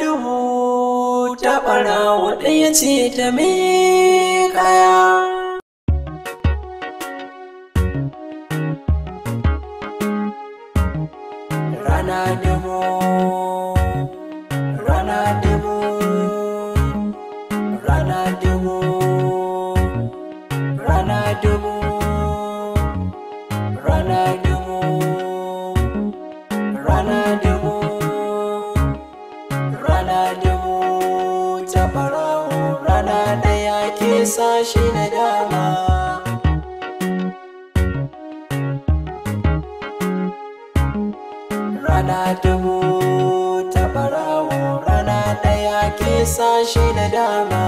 duhu ta wa ɗaya ce ta mai kaya ana dubu ta barawo rana ɗaya ke sashi da dama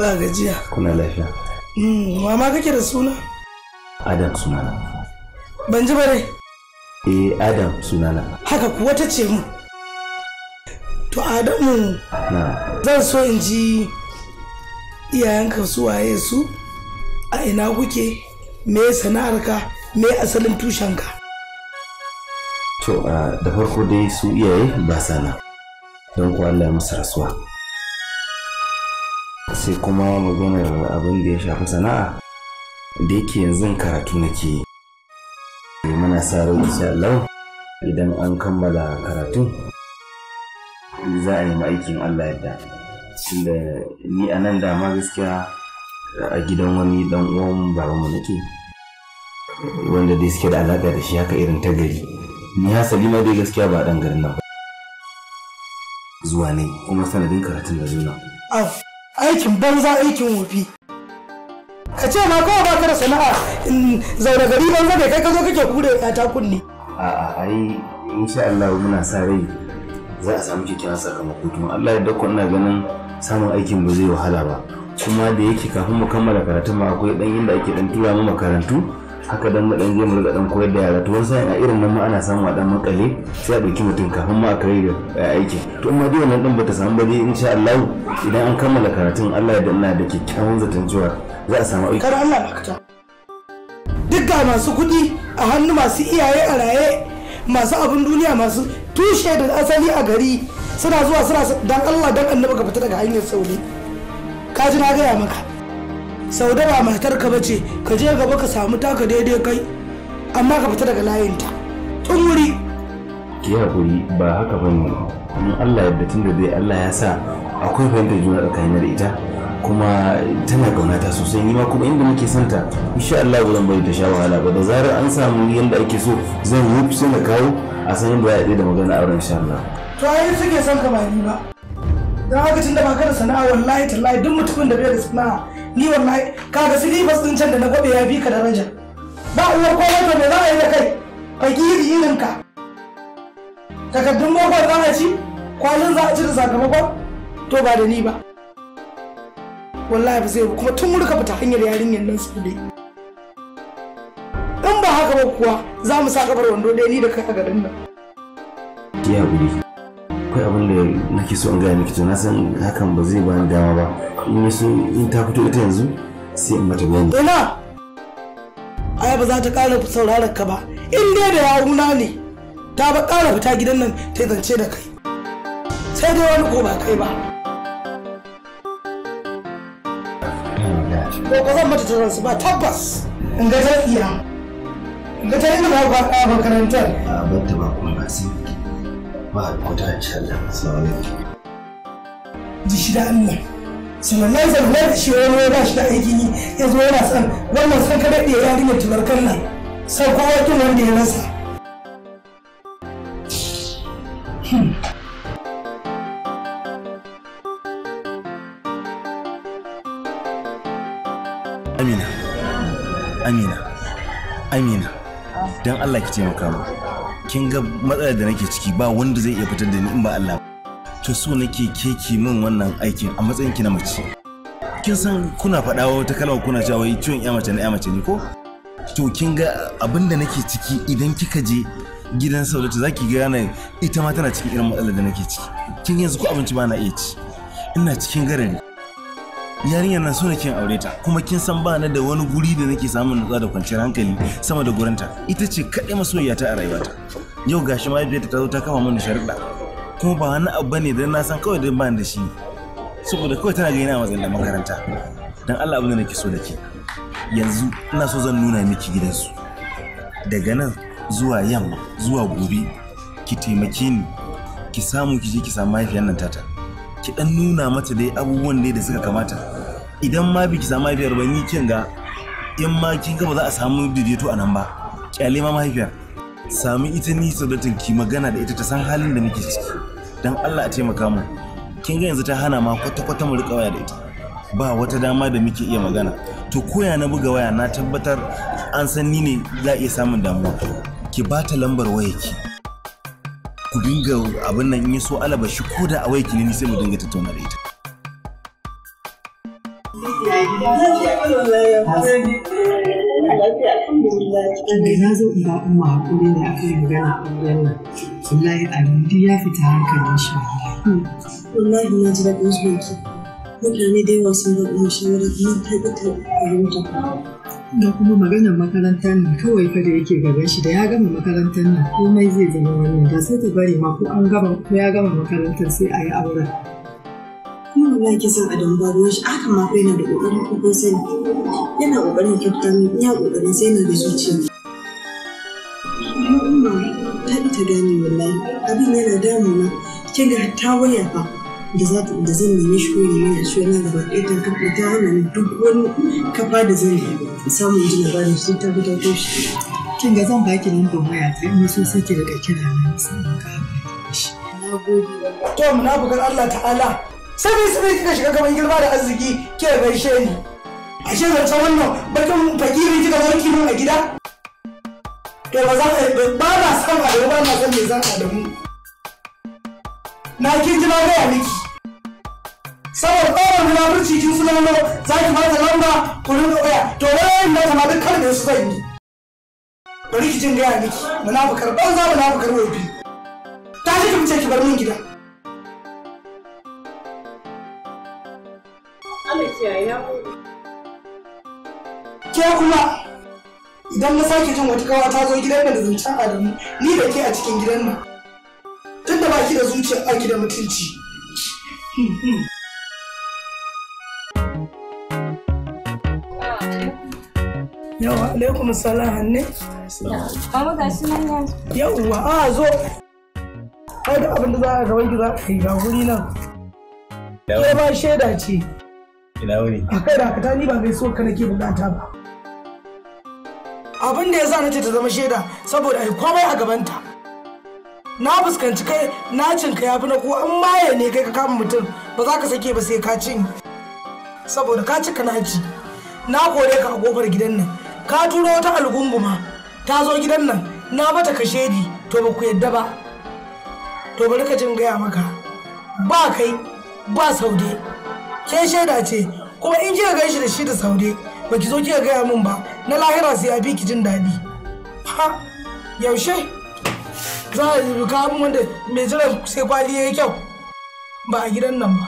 Ba gajiya. Kuna lafiya. Hmm, mama kake da suna? Adam sunana. Ban ji bare. Eh Adam sunana. Haka kuwa ta ce mu. To Adamu. Zan so in ji iyayenka su waye su a ina kuke me sana'arka me asalin tushenka. To ah, da farko dai su iyaye ba sana. Don kuwa Allah ya musu rasuwa. sai kuma maganar abin da ya shafi sana'a da yake yanzu karatu nake eh, muna sa rai insha Allah idan an kammala karatun za a yi aikin Allah yadda tunda ni a nan dama gaskiya a gidan wani dan uwan babanmu nake wanda dai suke da alaka da shi haka irin ta gari ni hasali ma dai gaskiya ba dan garin nan ba zuwa ne kuma sanadin karatun da zuna. aikin banza aikin wofi ka ce ma kawai baka da sana'a zaune gari banza bai kai ka zo kake kure ya ta kunne a'a ai sha Allah muna sa rai za a samu kyakkyawan sakamako kuma Allah ya dauko ina ganin samun aikin ba zai wahala ba kuma da yake kafin mu kammala karatun ma akwai dan inda ake dan tura mu makarantu haka dan mu dan je mu dan koyar da yara to wasu a irin nan ma ana samu a dan makale sai a dauki mutum kafin ma a kai da aiki to amma dai wannan din bata samu ba dai insha Allah idan an kammala karatun Allah ya danna da kyakkyawan zaton zuwa za a samu aiki kar Allah bakta duk ga masu kuɗi a hannu masu iyaye a raye masu abun duniya masu tushe da asali a gari suna zuwa suna dan Allah dan annabi ka fita daga hanyar sauri ka ji na gaya maka sau da ba matarka ba ce ka je gaba ka samu taka daidai kai amma ka fita daga layinta tun wuri ki haƙuri ba haka ba ne in allah yadda tun da dai allah ya sa akwai fahimtar juna tsakanin da ita kuma tana gaunata sosai ni ma kuma inda nake santa insha Allah ba zan bari ta sha wahala ba da zarar an samu yanda ake so zan yi sai na kawo a san yadda za da magana a auren insha Allah to ai suke son ka ba ni ba dan haka tunda ba ka da sana'a wallahi tallahi duk mutumin da bai da sana'a ni wallahi kaga bas din can da na gobe ya bi ka daraja ba uwar ko wata me za a yi da kai fakiri irin ka takardun bokon za a ci kwalin za a ci da sakamakon to ba da ni ba wallahi ba zai kuma tun murka fita hanyar yarinyar nan su dai in ba haka ba kuwa za mu sa kabar wando dai ni da kai a garin nan. akwai abin da nake so in gaya miki to na san hakan ba zai bani dama ba in so in ta fito ita yanzu sai in mata gani. ina ai ba za ta ƙara sauraron ka ba in dai da yawuna ne ta ba ƙara fita gidan nan ta zance da kai sai dai wani ko ba kai ba ko ba zan mata su ba tabbas in ga ta iya in ga ta yi ba ba makarantar ba ta ba kuma ba sai mahaifota insha Allah assalamu alaikum ji shi da Allah sanannan zanen shi wani ya ba shi da aiki ne ya zo yana san wannan san kada da yarinya tubarkan nan sai kowa kin wanda ya rasa Amina, Amina, Amina, don Allah ki taimaka mu. kin ga matsalar da nake ciki ba wanda zai iya fitar da ni in ba Allah to so nake keke min wannan aikin a matsayin ki na mace kin san kuna faɗa wata kalma kuna cewa wai ciwon ya mace na ya mace ne ko to kin ga abin da nake ciki idan kika je gidan saurata zaki ki yana ita ma tana cikin irin matsalar da nake ciki kin yanzu ko abinci ba na iya ci ina cikin garari yarinyar na suna na aure ta kuma kin san ba na da wani guri da nake samun nutsuwa da kwanciyar hankali sama da gurinta ita ce kaɗai masoyiya ta a rayuwata yau gashi mahaifiyarta ta zo ta kama mana sharuɗa kuma ba wani abu bane da na san kawai dan ba da shi saboda kawai tana gani na matsayin makaranta dan Allah abin da nake so da ke yanzu ina so zan nuna miki gidansu daga nan zuwa yamma zuwa gobe ki taimake ni ki samu ki je ki samu mahaifiyar nan tata ki dan nuna mata dai abubuwan ne da suka kamata idan ma biki samu mahaifiyar ba ni kin ga in ma kin ga ba za a samu daidaito a nan ba kyale ma mahaifiyar samu ita ni sadatin ki magana da ita ta san halin da muke ciki dan Allah a taimaka mu kin ga yanzu ta hana ma kwata kwata mu rika waya da ita ba wata dama da muke iya magana to koya na buga waya na tabbatar an san ni ne za a iya samun damuwa ki ba ta lambar wayarki ku dinga abin nan in so alaba shi ko da a wayarki ne ni sai mu dinga tattauna da ita Daga na zo in ba umma da aka yi magana a ɓangaren nan. Wallahi ɗalibi ya fita hankalin shi wallahi. na ji daɗin zuwan ki. Mutane da yawa sun ba umma shawara kuma ta ƙi ta fahimta. da kuma maganar makarantar nan kawai fa da yake gaban shi da ya gama makarantar nan komai zai zama wannan da sai ta bari ma ko an gama ko ya gama makarantar sai a yi auren kuma wallahi ke san adam ba ruwan shi aka mako yana da kokarin ko sani yana kokarin kyauta min iya kokarin sai yana da zuciya umma ta ta gane wallahi abin yana damuna ke ga ta waya fa da za ta da zan nemi shi ne mana shi yana da bakai ta kafa ta hana duk wani kafa da zan samun ji labarin shi ta guda ta shi kin ga zan baki lambar waya sai mu so sai ki daga kira na sai ka haɗa shi na gode to munafukar Allah ta'ala sabi sabi kika shiga gaban girma da arziki ke gaishe ni A ashe zance wannan bakin fakiri kika zo kimin a gida to eh, ba za ka ba na san a ba na san me zan adamu na kin ji na gaya miki saboda na munafurci kin suna nan za ki ba ta lamba ku rinka oya to bayan da kama duk karbe su zan yi bari ki jin gaya miki munafukar za munafukar wofi ta ji ki fice ki bar min gida Ke kuma idan na sake jin wata kawa ta zo gidan da zancen Adamu ni da ke a cikin gidan nan. Tunda ba ki da zuciya ba ki da mutunci. Yawa alaikum salam hanne. Mama ga shi nan yanzu. a zo. Kai da abin da za a gaban ki za a yi ga nan. Ke ba shaida ce. ina wuni akai da ka ni ba gaisuwar ka nake bukata ba abin da ya sa nace ta zama shaida saboda ai komai a gabanta na fuskanci kai na cinka yafi na ko an maye ne kai ka kama mutum ba za ka sake ba sai ka cin saboda ka cika naci na kore ka a kofar gidan nan ka turo wata algunguma ta zo gidan nan na mata kashedi to ba ku yadda ba to bari ka jin gaya maka ba kai ba saude ke shaida ce kuma in kika gaishe da shi da saude ba ki zo kika gaya min ba na lahira sai a bi ki jin daɗi ha yaushe za a yi ka abin wanda mai jira sai kwali ya yi kyau ba a gidan nan ba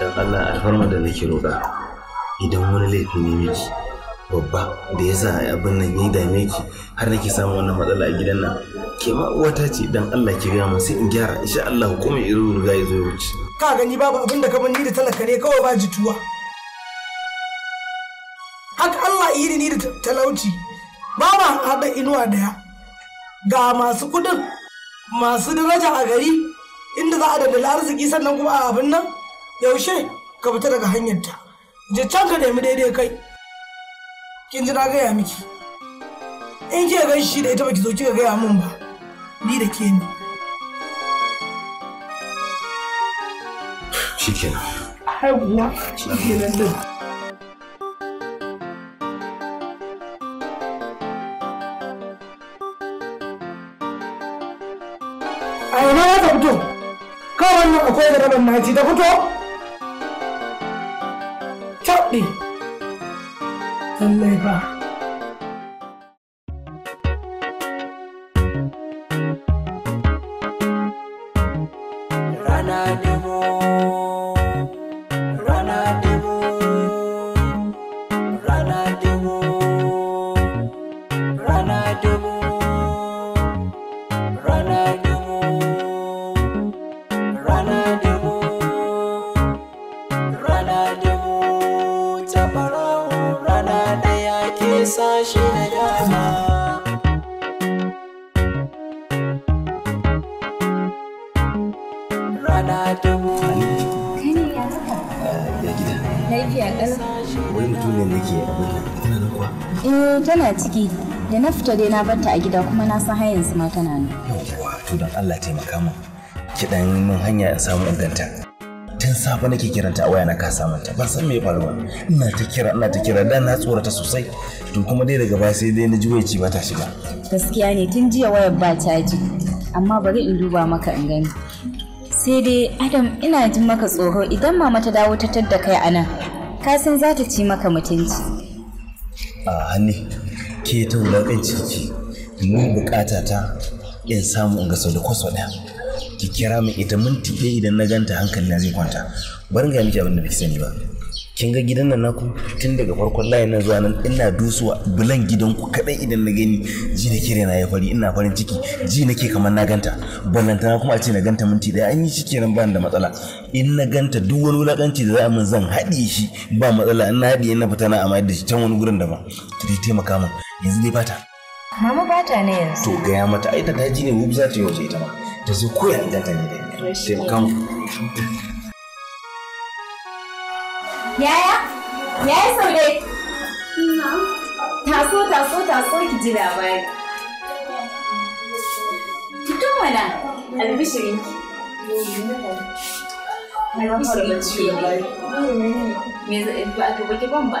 dan Allah alfarma da nake roƙa idan wani laifi ne miki babba da yasa sa abin nan ya dame ki har nake samun wannan matsala a gidan nan ke ma uwata ce dan Allah ki gaya min sai in gyara insha Allah kuma irin ruga riga ya ya wuce ka gani babu abin da ka ni da talaka ne kawai ba jituwa haka Allah iri ni da talauci ba ma haɗa inuwa daya ga masu kudin masu daraja a gari inda za a dandali arziki sannan kuma a abin nan yaushe ka fita daga hanyarta je can ka nemi daidai kai kin ji na gaya miki in kika shi da ita baki zo kika gaya min ba ni da ke ni shikenan haihuwa shikenan din a yi za ta fito kawai akwai da rabin ta fito taɓi ba da na fita dai na barta a gida kuma na san har yanzu ma tana nan yawwa to don Allah taimaka mu. ki dan min hanya in samu inganta tun safe nake kiranta a waya na ka samu ta ban san me faru ba ina ta kira ina ta kira dan na tsorata sosai to kuma dai daga baya sai dai na ji wayaci ba ta shiga gaskiya ne tun jiya wayar ba caji amma bari in duba maka in gani sai dai adam ina jin maka tsoro idan mama ta dawo ta tadda kai a nan ka san za ta ci maka mutunci a hanni ke ta wulaƙanci ki bukata ta in samu in ga sau da kwaso ɗaya ki kira min ita mun ɗaya idan na ganta hankali na zai kwanta bari ga miki abin da biki sani ba kin ga gidan nan naku tun daga farkon layin nan zuwa nan ina dusuwa bulan gidan ku kadai idan na gani ji da kire na ya fari ina farin ciki ji nake kamar na ganta ballanta kuma a ce na ganta minti daya an yi shi kenan ba da matsala in na ganta duk wani wulakanci da za a min zan haɗe shi ba matsala in na hadi na fita na amma da shi can wani gurin daban ki taimaka min yanzu dai bata mama bata ne yanzu to gaya mata ai da ta ji ne wuf za ta yi waje ita ma ta zo koya inganta ne da ta kan yaya yaya sau dai taso taso taso ki ji labari ki tun mana albishirinki Me ba ki ban ba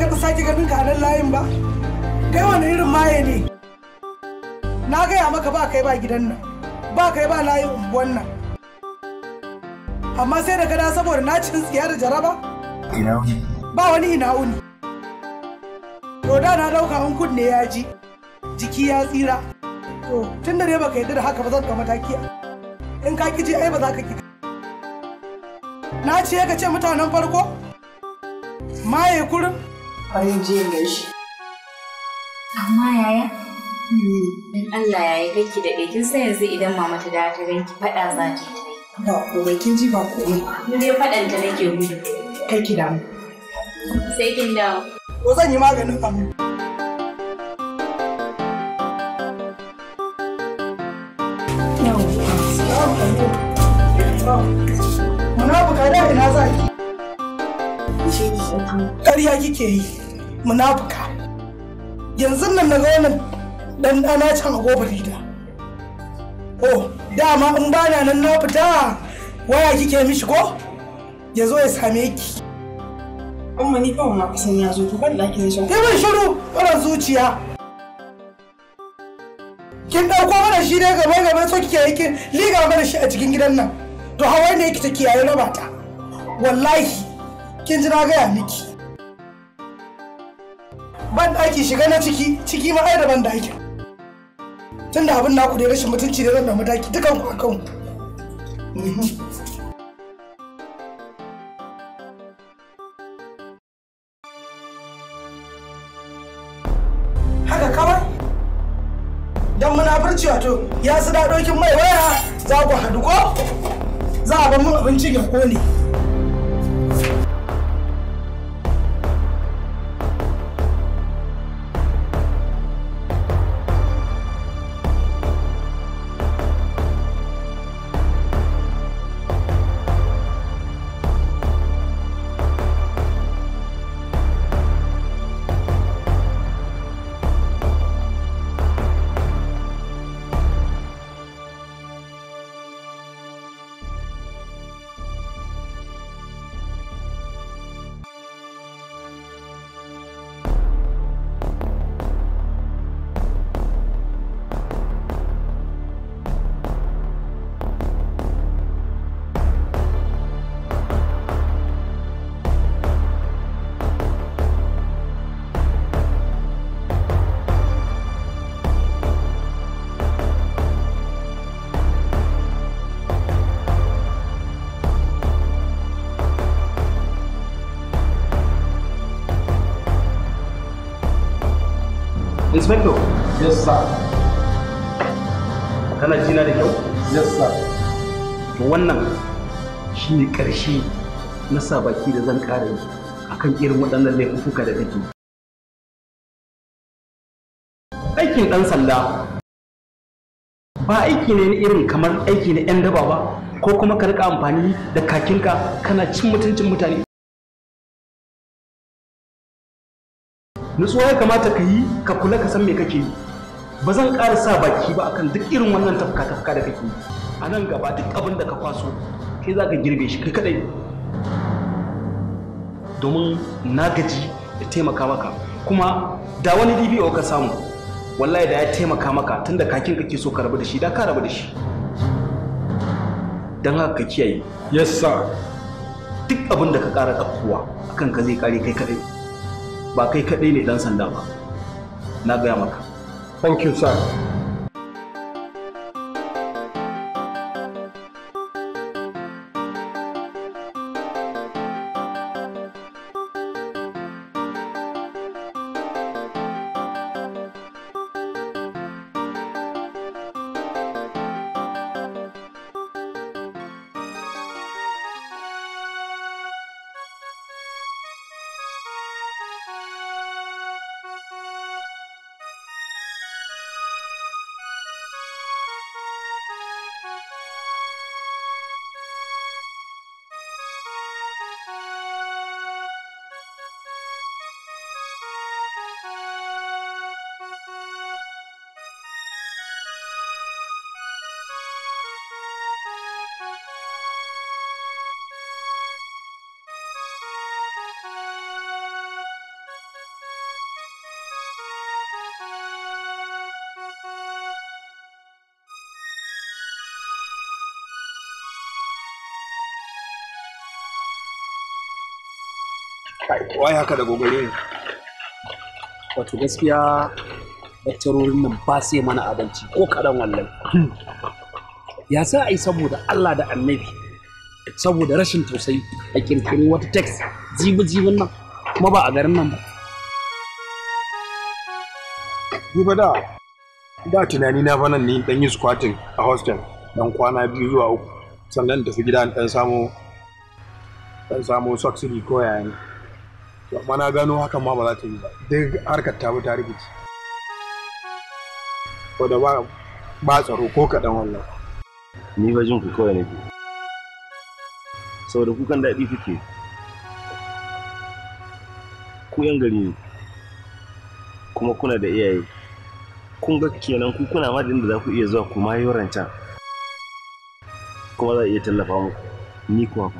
taɓa sake ganin ka a nan layin ba kai wani irin maye ne na gaya maka ba kai ba gidan nan ba kai ba layin unguwan nan amma sai da gada saboda na cin tsiya da jaraba ina wuni ba wani ina wuni to da na ɗauka an kunne ya ji jiki ya tsira to tun da ne baka yarda da haka ba zan ka mataki in ka ki ai ba za ka ki na ce ka ce mutanen farko maye kurin bari in je in gaishe amma yaya in hmm. Allah ya yi ganki da kin sai yanzu idan mama ta dawo ta ganki faɗa za ta yi ba komai kin ji ba komai ni dai faɗan ta nake gudu kai ki damu sai kin dawo ko zan yi maganin abu ƙarya kike yi munafuka yanzu nan na ga wannan dan dana can a gobar oh dama in bana nan na fita waya kike mishi ko ya zo ya same ki amma ni fa ma kusan ya zo to ban da kin shi kai ban shiru ban zuciya kin dauko mana shi ne gaba gaba so kike yi kin liga mana shi a cikin gidan nan to hawan ne kike kiyaye na bata wallahi kin jira na gaya miki ban daki shiga na ciki ciki ma ai da ban daki tunda abin naku da rashin mutunci da zan da mataki dukan ku akan muna ci wato ya su daɗokin mai waya za ku haɗu ko za a bar mun abincin ya kone Inspector. Yes, sir. Kana jina da kyau? Yes, sir. To wannan shi ne ƙarshe na sa baki da zan ƙara yi akan irin waɗannan laifuka da biki. Aikin ɗan sanda ba aiki ne irin kamar aiki na 'yan daba ba ko kuma ka rika amfani da kakinka kana cin mutuncin mutane nutsuwa ya kamata ka yi ka kula ka san me kake yi ba zan ƙara sa baki ba akan duk irin wannan tafka-tafka da kake yi a nan gaba duk abin da ka kwaso kai za ka girbe shi kai kadai domin na gaji da taimaka maka kuma da wani dbo ka samu wallahi da ya taimaka maka tunda kakin kake so ka rabu da shi da ka rabu da shi don haka ka kiyaye yes sir duk abin da ka ƙara ɗaukowa akan ka zai ƙare kai kadai ba kai kaɗai ne ɗan sanda ba na gaya maka thank you sir wai haka da gogore ne wato gaskiya daktarorin nan ba sai mana abinci ko kaɗan wallan ya sa a yi saboda Allah da annabi saboda rashin tausayi a kirkiri wata text jibi-jibin nan kuma ba a garin nan ba ni ba da da tunani na fanan ni dan yi squatting a hostel dan kwana biyu zuwa uku sannan tafi gida dan samo dan samo subsidy ko yayin amma na gano hakan ma ba za ta yi ba duk harkar ta bi ta rikici ko da ba ba tsaro ko kaɗan wallan ni ba jin ku kawai nake saboda kukan daɗi kuke ku yan gari ne kuma kuna da iyaye kun ga kenan ku kuna ma da inda za ku iya zuwa kuma yi rancen kuma za a iya tallafa muku ni kuwa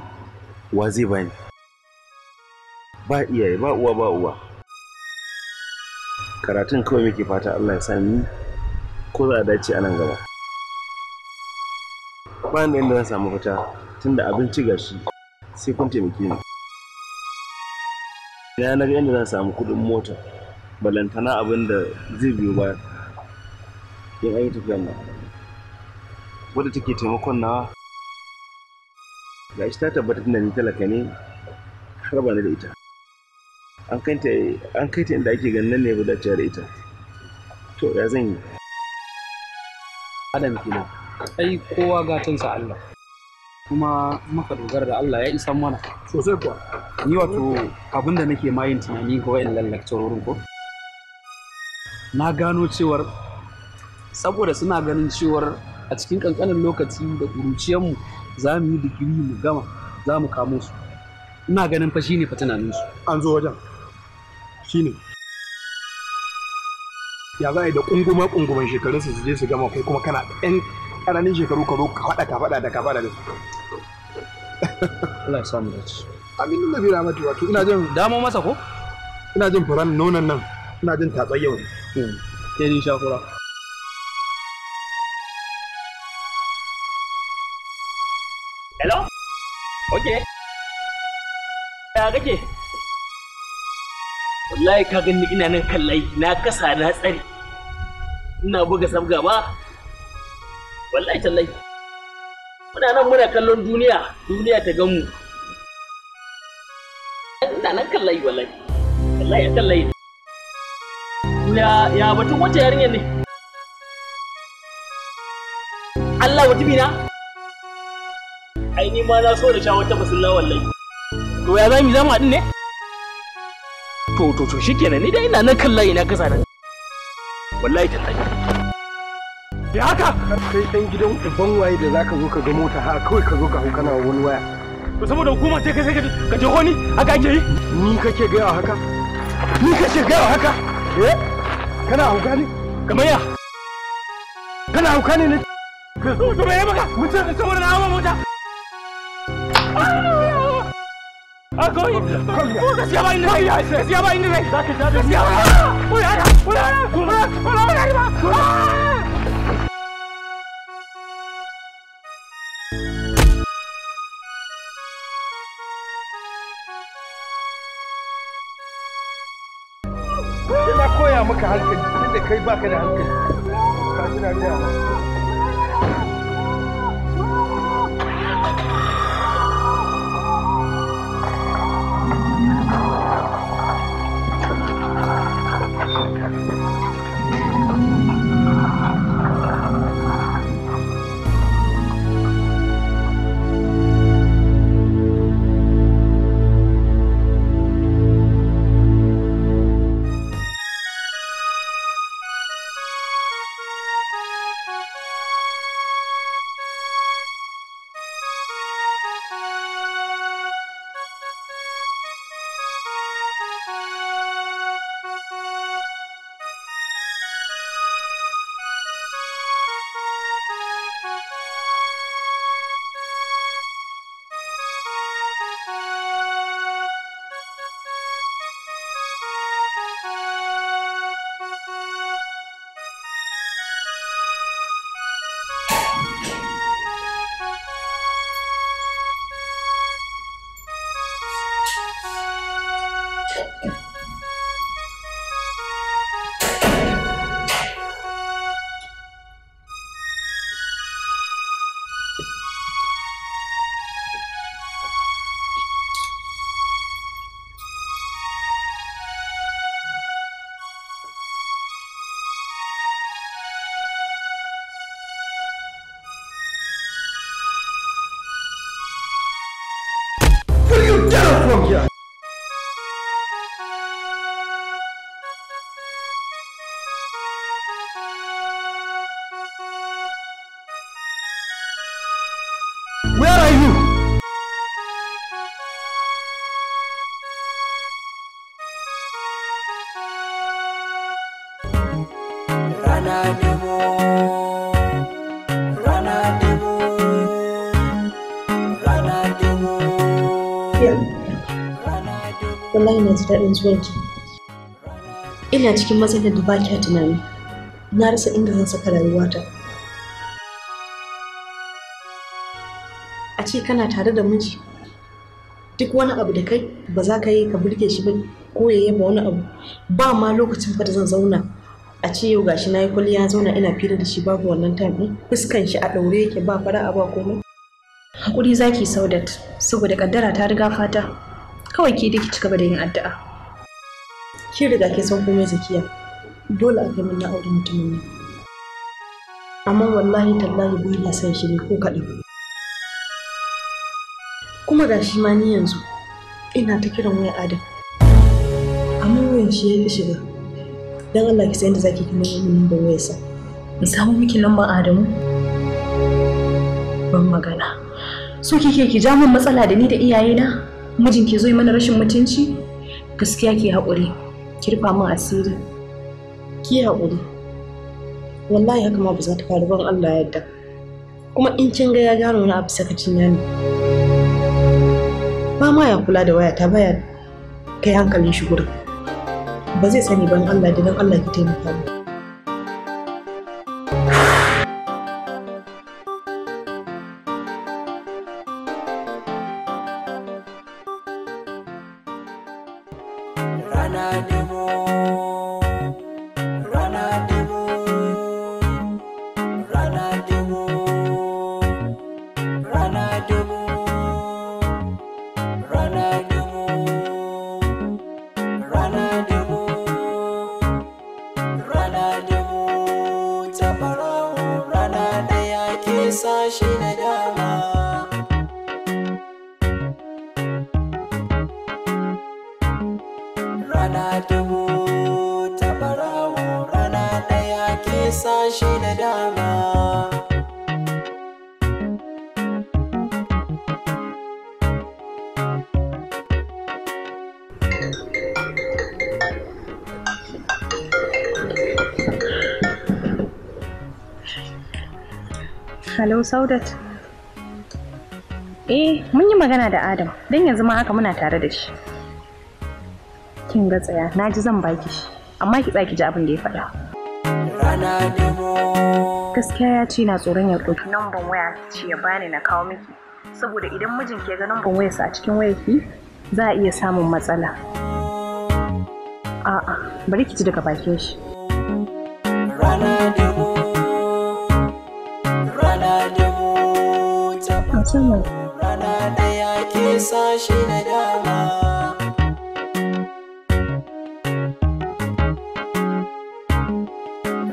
wa zai bani ba iyaye ba uwa ba uwa karatun kawai muke fata Allah ya sani ko za a dace a nan gaba ba da inda zan samu fita tunda abinci gashi sai kun taimake ni na ga inda zan samu kuɗin mota balantana abin da zai biyo ba, in an yi tafiyar nan wadda take taimakon nawa ga ta tabbatar da ni talaka ne har ba da ita an kai ta inda ake ganin nan ne ba dace da ita to ya zan yi adam kenan ai kowa gatansa Allah kuma maka dogara da Allah ya isa mana sosai kuwa ni wato abin da nake mayin tunani ga wayannan lecturerin ko na gano cewar saboda suna ganin cewar a cikin kankanin lokaci da ƙuruciyarmu za mu yi digiri mu gama za mu kamo su ina ganin fashi ne fa tunaninsu an zo wajen ne ya za a yi da kunguma kunguman shekarun su je su gama kai kuma kana ɗan ƙananin shekaru ka zo ka faɗa ka faɗa da ka faɗa da su Allah ya samu dace aminu na bira mata wato ina jin damo masa ko ina jin furan nonon nan ina jin tatsayyau ne ke hmm. ni shakura Hello? Okay. Ya kake? wallahi ka gani ina nan kallai, na kasa na tsari ina buga sabga ba wallahi tallai. muna nan muna kallon duniya duniya ta gamu. ina nan kallai wallahi wallahi kallai. ya ya batun wata yarinyar ne Allah wata bina ai ni ma na so da sha wata musulla wallahi to ya mu zama haɗu ne to to to kenan ni dai ina nan kan layi na kasa nan wallahi tallahi ya haka kai ɗan gidan uban waye da zaka zo ka ga mota ha kawai ka zo ka hau kana wani waya to saboda hukuma sai kai sai ka je honi haka ake yi ni kake ga haka ni kake ga haka eh kana hauka ne kamar ya kana hauka ne ne ka zo ka bayyana maka Mutum saboda na hawa mota ah! Akoy! Burada siapa ini lagi? Siapa ini lagi? Siapa? Ular! Ular! Ular! Ular! Ular! Na koya maka hankali, tunda kai baka da hankali. Ka ji na gaya wallahi na ji daɗin zuwanki ina cikin matsalar da ba a tunani na rasa inda zan saka rayuwata a ce kana tare da miji duk wani abu da kai ba za ka yi ka burge shi ba ko ya yaba wani abu ba ma lokacin fa zan zauna a ce yau gashi na yi kwalliya zauna ina fira da shi babu wannan time ɗin fuskan shi a ɗaure yake ba fara'a ba komai hakuri zaki saudat saboda kaddara ta riga fata kawai ki dai ki ci gaba da yin addu'a ki riga ki san komai zakiya dole a kai mun na aure mutumin nan amma wallahi tallahi bai na san shi ne ko kaɗan kuma ga shi ma ni yanzu ina ta kiran waya adam amma wayan shi ya fi shiga don Allah ki san da zaki kuma yin da wayarsa in samu miki lambar Adamu ban magana so kike ki ja min matsala da ni da iyayena mijin ke zo yi mana rashin mutunci gaskiya ke haƙuri ki rufa min asiri ki haƙuri wallahi haka ma ba za ta faru ban Allah ya yarda kuma in kin ga ya gano wani abu sakacin ya ne ba ma ya kula da waya ta baya kai hankalin shi gurin ba zai sani ban Allah da dan Allah ki taimaka mu Hello Saudat. Eh, mun yi magana da Adam, don yanzu ma haka muna tare da shi. Kin ga tsaya, na ji zan baki shi, amma ki tsaki ji abin da ya faɗa. Gaskiya ya ce na tsoron ya ɗauki namban waya ce ya bani na kawo miki. Saboda idan mijin ke ga namban wayarsa a cikin wayarki, za a iya samun matsala. A'a, bari ki ji daga bakin shi. Rana sama rana ke sashi na dama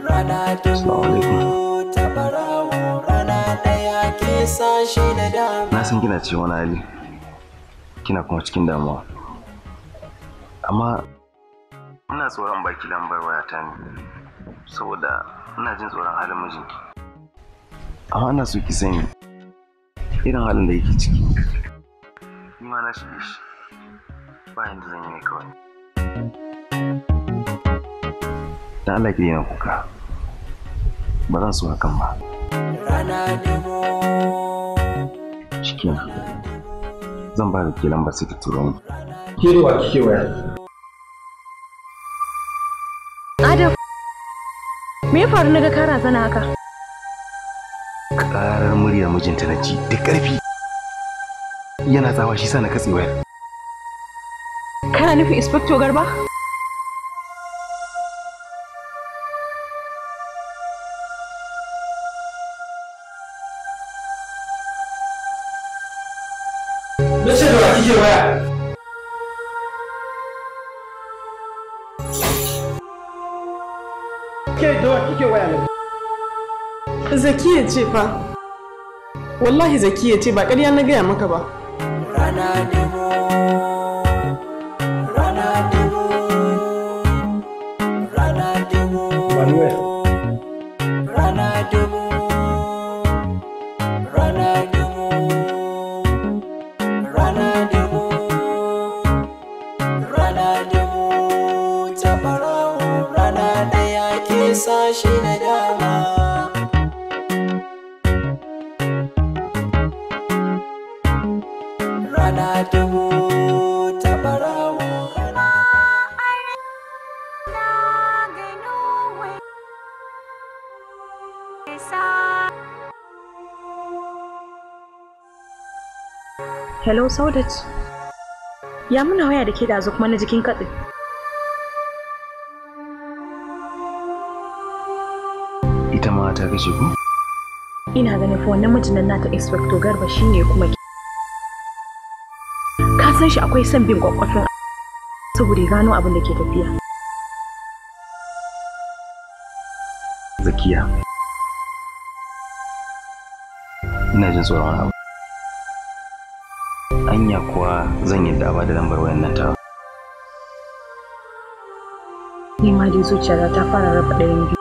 rana ta barawo rana ke sashi na dama na san kina cikin wani hali kina kuma cikin damuwa amma ina tsoron baki lambar wayata ne saboda ina jin tsoron halin mijinki amma ina so ki sani irin halin da yake ciki ni ma na shige shi ba yanda zan yi mai kawai Ta Allah ki daina kuka ba zan so hakan ba cikin zan ba da ke lambar su ki turo mu ke wa Adam me ya faru na ga kara zana haka karar muryar mijinta na ji da ƙarfi yana tsawa shi sa na katse kana nufin inspector garba zakiya ce fa wallahi zakiya ce ba ƙarya na gaya maka ba Hello, Saudat. Ya muna waya da ke da kuma na jikin katse. Ita ma ta gaji ku? Ina ganin fa wannan na ta Inspector Garba shine kuma Ka san shi akwai son bin kwakwafin saboda gano abin da ke tafiya. Zakiya, ina jin tsoron abu anya kuwa zan yi dama da lambar wayan nan tawa ni ma dai zuciyata ta fara rafa ɗayan biyu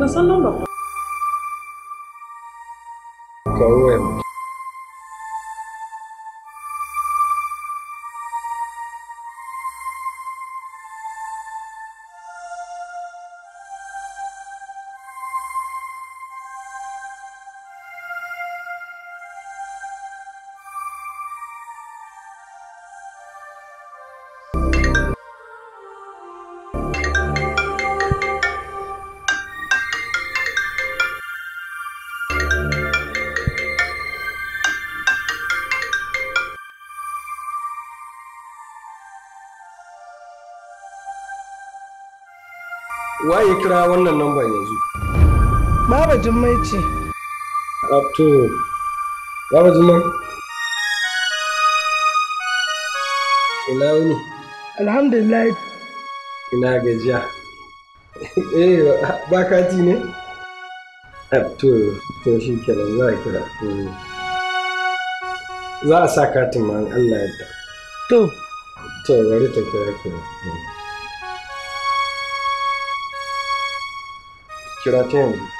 ban san nan kawo Jummai ce. Abto, Baba Jummai. Ina wuni? Alhamdulillah. Ina gajiya. Eh, ba kati ne? Abto, to shi kenan za a kira. Hmm. Za a sa katin ma Allah yadda. To. To, bari ta kira kira. Hmm. Kira ta yanzu.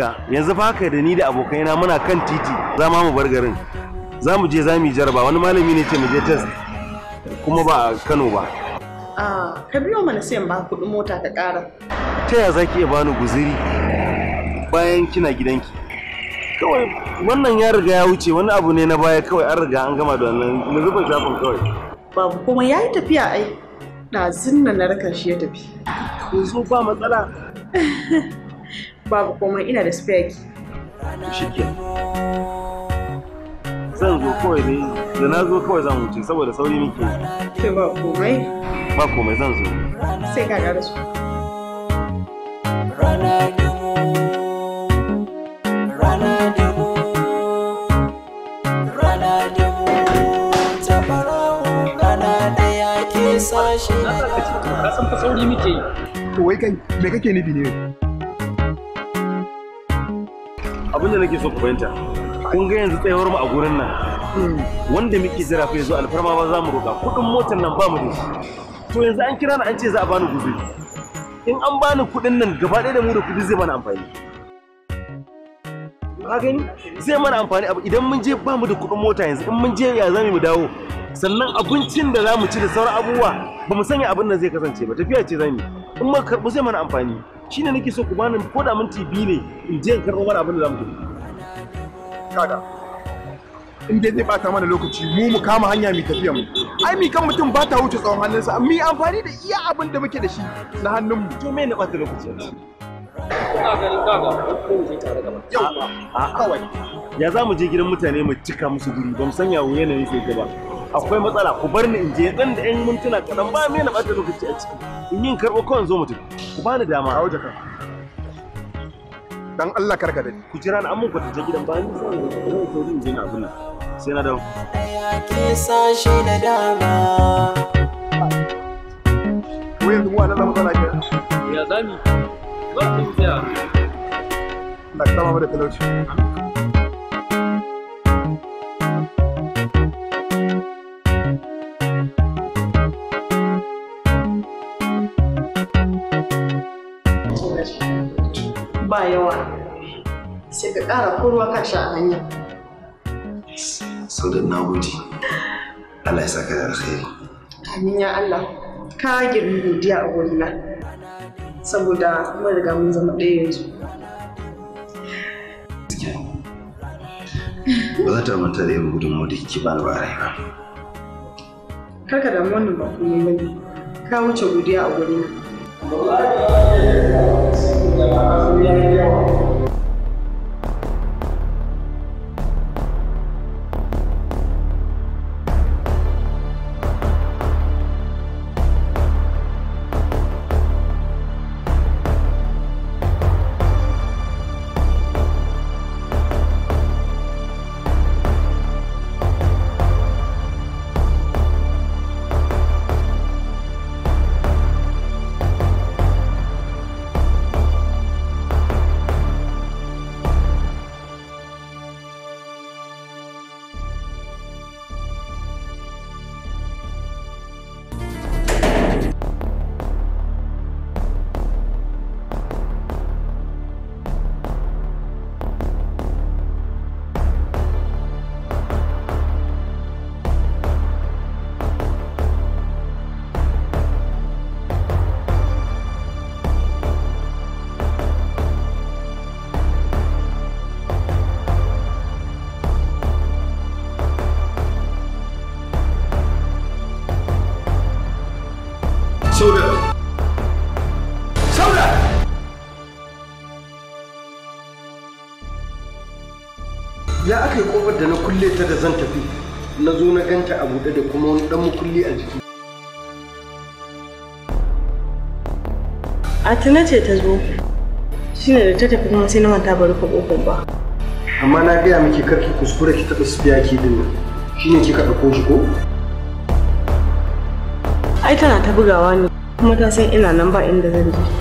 shiga yanzu fa haka da ni da abokaina muna kan titi za ma mu bar garin za mu je za mu yi jaraba wani malami ne ce mu je test kuma ba Kano ba ka biyo mana sayan ba kuɗin mota ka ƙara ta ya za ki iya bani guziri bayan kina gidanki kawai wannan ya riga ya wuce wani abu ne na baya kawai an riga an gama da wannan mu zuba shafin kawai babu kuma ya yi tafiya ai ɗazun na narkar shi ya tafi yanzu ba matsala babu komai ina da spare shike zan zo kawai ne, da na zo kawai zan wuce saboda sauri muke ke ba komai ba komai zan zo sai ka gara su rana dubu rana kasan fa sauri muke yi to wai kai me kake nufi ne abinda nake so ku fahimta kun ga yanzu tsayawar mu a gurin nan wanda muke jira fa yanzu alfarma ba za mu roƙa kuɗin motar nan ba mu da shi to yanzu an kira ni an ce za a bani guzuri in an bani kuɗin nan gaba ɗaya da mu da kuɗi zai mana amfani ka gani zai mana amfani abu idan mun je ba mu da kuɗin mota yanzu in mun je ya za mu dawo sannan abincin da za mu ci da sauran abubuwa ba mu sanya abin nan zai kasance ba tafiya ce za mu in ma karɓu zai mana amfani ne nake so ku bani ko da minti biyu ne in je in karɓo mana abin da mu je. kaga in dai zai bata mana lokaci mu mu kama hanya mu tafiya mu ai mi kan mutum bata wuce tsawon hannunsa mi amfani da iya abin da muke da shi na hannun mu to me na bata lokaci ya za mu je gidan mutane mu cika musu guri ba mu sanya yanayin sai ba. akwai matsala ku bar ni in je dan da yan mintuna kaɗan ba me na bata lokaci a ciki in yin karɓo kawai zo mutum ku bani dama a wajen dan Allah karka da ku jira na amma ku ta gidan ba ni sai ku to in je na abin nan sai na dawo ya ke sashi da dama ku yanzu wa na da matsala ke ya zami ba ku tsaya da kama da talauci ba yawa sai ka ƙara kurwa ka sha a hanya. Saudan na gode. Allah ya saka da alkhairi. Amin ya Allah. Ka girma godiya a gurina. Saboda mun riga mun zama ɗaya yanzu. Ba za ta manta da yin gudunmu da kike ba ba rayuwa. Karka da wannan ba kuma bane. Ka wuce godiya a gurina. Thank you. da casa do Iaquel. ya aka yi kofar da na kulle ta da zan tafi na zo na ganta a buɗe da kuma wani ɗan mukulli a jiki a tuna ce ta zo shine da ta tafi kuma sai na manta bari ka kofar ba amma na gaya miki karki kuskure ki taɓa sufiya ki din nan shine kika ɗauko shi ko ai tana ta bugawa ne kuma ta san ina nan ba inda zan je